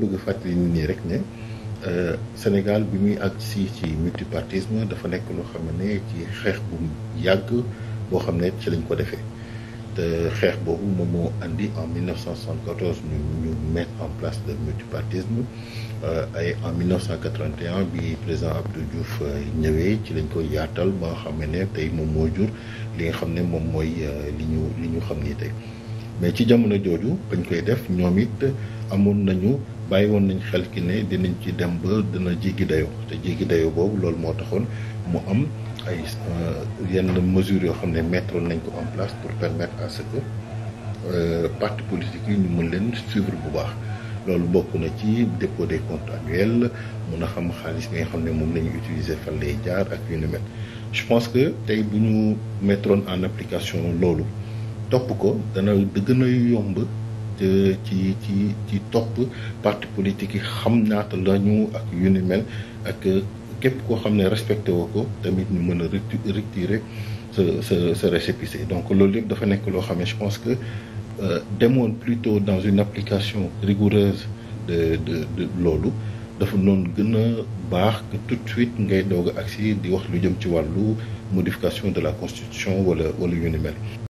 bëgg fàttali nit ñi rek ne euh, Sénégal bi muy àgg si ci multipartisme dafa nekk loo xam ne ci xeex bu yàgg boo xam ne ci lañ ko defee te xeex boobu moom moo indi en 1974 ñu ñu mettre en place le multipartisme ay euh, en 1981 bi président Abdou Diouf euh, ñëwee ci lañ ko yaatal ba xam ne tey moom moo jur li nga xam ne moom mooy li ñu li ñu xam ni tey mais ci jamono jooju bañ koy def ñoom it amoon nañu. bàyyi woon nañ xel ki ne dinañ ci dem ba dina jéggi dayo te jéggi dayo boobu loolu moo taxoon mu am ay euh, yenn mesures yoo xam ne mettre nañ ko en place pour permetre à ce que euh, parti politique yi ñu mën leen suivre bu baax loolu bokk na ci dépôt des comptes annuels mun a xam xaalis bi nga xam ne moom la ñu utiliser fan lay jaar ak yu ni mel je pense que tey bu ñu mettroon en application loolu topp ko dana gën a yomb ci ci ci topp parti politique yi xam naata la ak yu ni mel ak képp koo xam ne respecté woo ko tamit ñu mën a retirer sa sa sa donc loolu yëpp dafa nekk loo xam ne je pense que euh, demoon plutôt dans une application rigoureuse de de loolu dafa noonu gën a baax que tout de suite ngay doog ak si di wax lu jëm ci wàllu modification de la constitution wala wala yu ni mel.